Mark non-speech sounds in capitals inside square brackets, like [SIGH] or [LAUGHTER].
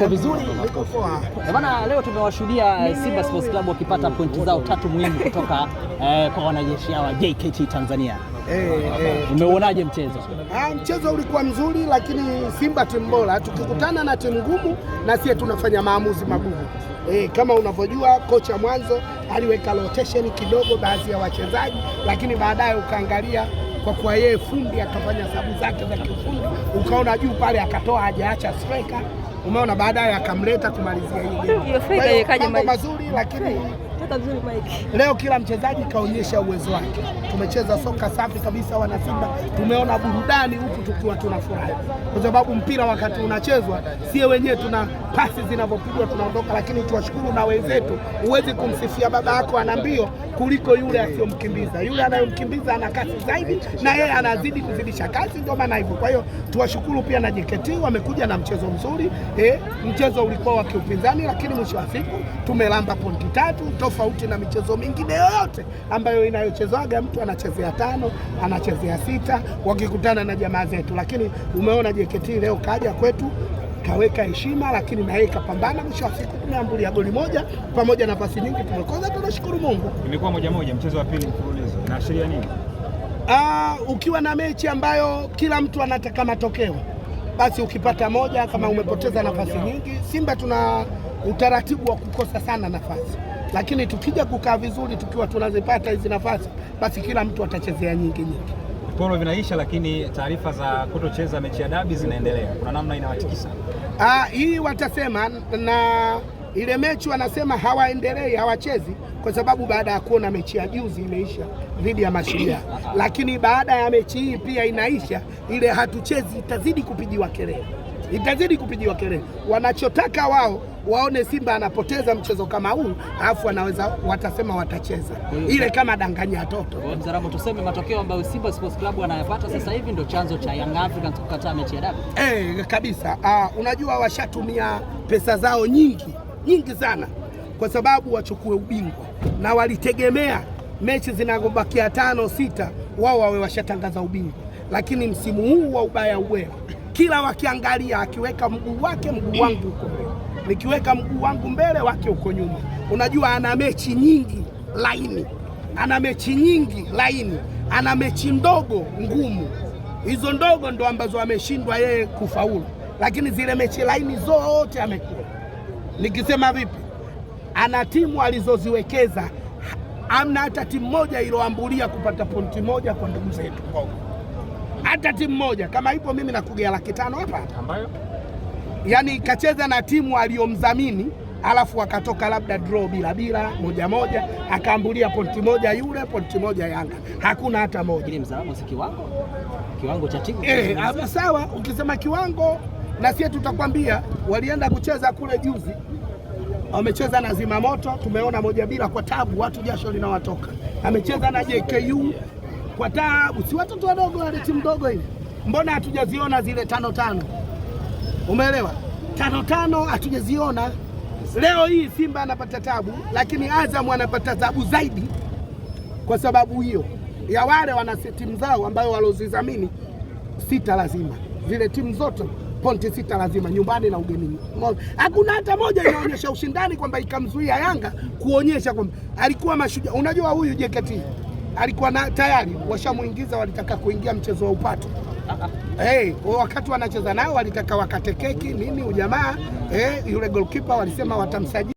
kwa vizuri eh, bana. Leo tumewashuhudia Simba Sports Club wakipata pointi zao tatu muhimu kutoka eh, kwa wanajeshi hawa JKT Tanzania. Eh, eh. Umeuonaje mchezo? Ah, mchezo ulikuwa mzuri, lakini Simba timu bora, tukikutana na timu ngumu na sie tunafanya maamuzi magumu. kama unavyojua kocha mwanzo aliweka rotation kidogo baadhi ya wachezaji, lakini baadaye ukaangalia kwa kuwa yeye fundi akafanya sabu zake za kiufundi, ukaona juu pale akatoa hajaacha striker umeona, baadaye akamleta kumalizia hii. Mambo mazuri lakini Umeweka vizuri Mike. Leo kila mchezaji kaonyesha uwezo wake. Tumecheza soka safi kabisa, wana Simba, tumeona burudani huku tukiwa tunafurahi, kwa sababu mpira wakati unachezwa sie wenyewe tuna pasi zinavyopigwa tunaondoka, lakini tuwashukuru na wenzetu. Huwezi kumsifia baba yako ana mbio kuliko yule asiyomkimbiza. Yule anayomkimbiza ana kasi zaidi, na yeye anazidi kuzidisha kasi, ndio maana hivyo. Kwa hiyo tuwashukuru pia na JKT, wamekuja na mchezo mzuri eh. Mchezo ulikuwa wa kiupinzani, lakini mwisho wa siku tumelamba pointi tatu tofauti tofauti na michezo mingine yoyote ambayo inayochezwaga mtu anachezea tano anachezea sita wakikutana na jamaa zetu, lakini umeona JKT leo kaja kwetu kaweka heshima, lakini na yeye kapambana. Mwisho wa siku tumeambulia goli moja pamoja na pasi nyingi tumekosa, tunashukuru Mungu. Imekuwa moja moja, mchezo wa pili mfululizo, inaashiria nini? Aa, ah, ukiwa na mechi ambayo kila mtu anataka matokeo, basi ukipata moja kama umepoteza nafasi nyingi. Simba tuna utaratibu wa kukosa sana nafasi lakini tukija kukaa vizuri, tukiwa tunazipata hizi nafasi, basi kila mtu atachezea nyingi nyingi. Viporo vinaisha, lakini taarifa za kutocheza mechi ya dabi zinaendelea. Kuna namna inawatikisa ah, hii, watasema na ile mechi wanasema hawaendelei, hawachezi kwa sababu baada ya kuona mechi ya juzi imeisha dhidi ya Mashujaa, lakini baada ya mechi hii pia inaisha ile hatuchezi, itazidi kupigiwa kelele, itazidi kupigiwa kelele. Wanachotaka wao waone Simba anapoteza mchezo kama huu, alafu wanaweza watasema watacheza mm. ile kama danganya toto. Mzaramo, tuseme matokeo ambayo Simba Sports Club anayapata sasa hivi ndio chanzo cha Young Africans kukataa mechi ya dabi eh, kabisa. Uh, unajua washatumia pesa zao nyingi nyingi sana kwa sababu wachukue ubingwa na walitegemea mechi zinazobakia tano sita, wao wawe washatangaza ubingwa, lakini msimu huu wa ubaya uwewa, kila wakiangalia, akiweka mguu wake mguu wangu huko nikiweka mguu wangu mbele, wake uko nyuma. Unajua ana mechi nyingi laini, ana mechi nyingi laini, ana mechi ndogo ngumu. Hizo ndogo ndo ambazo ameshindwa yeye kufaulu, lakini zile mechi laini zote amekuwa. Nikisema vipi, ana timu alizoziwekeza amna hata timu moja iloambulia kupata pointi moja kwa ndugu zetu hata timu moja. Kama ipo mimi nakugea laki tano hapa ambayo yani kacheza na timu aliyomdhamini alafu akatoka labda draw bila bila moja moja, akaambulia pointi moja yule, pointi moja Yanga, hakuna hata moja. Kiwango kiwango cha timu eh, sawa. Ukisema kiwango, na sie tutakwambia walienda kucheza kule juzi, wamecheza na Zimamoto, tumeona moja bila kwa tabu, watu jasho linawatoka. Amecheza na JKU kwa tabu, si watoto wadogo wale, timu ndogo ile, mbona hatujaziona zile tano tano? Umeelewa? Tano tano hatujaziona leo hii. Simba anapata tabu, lakini Azam anapata tabu zaidi kwa sababu hiyo ya wale wana timu zao ambayo walozidhamini sita, lazima zile timu zote pointi sita lazima nyumbani na ugenini. Hakuna hata moja inaonyesha ushindani kwamba ikamzuia Yanga kuonyesha kwamba alikuwa mashujaa. Unajua huyu JKT alikuwa na tayari washamuingiza, walitaka kuingia mchezo wa upato [LAUGHS] Hey, wakati wanacheza nao walitaka wakatekeki nini ujamaa. Hey, eh, yule goalkeeper walisema watamsajili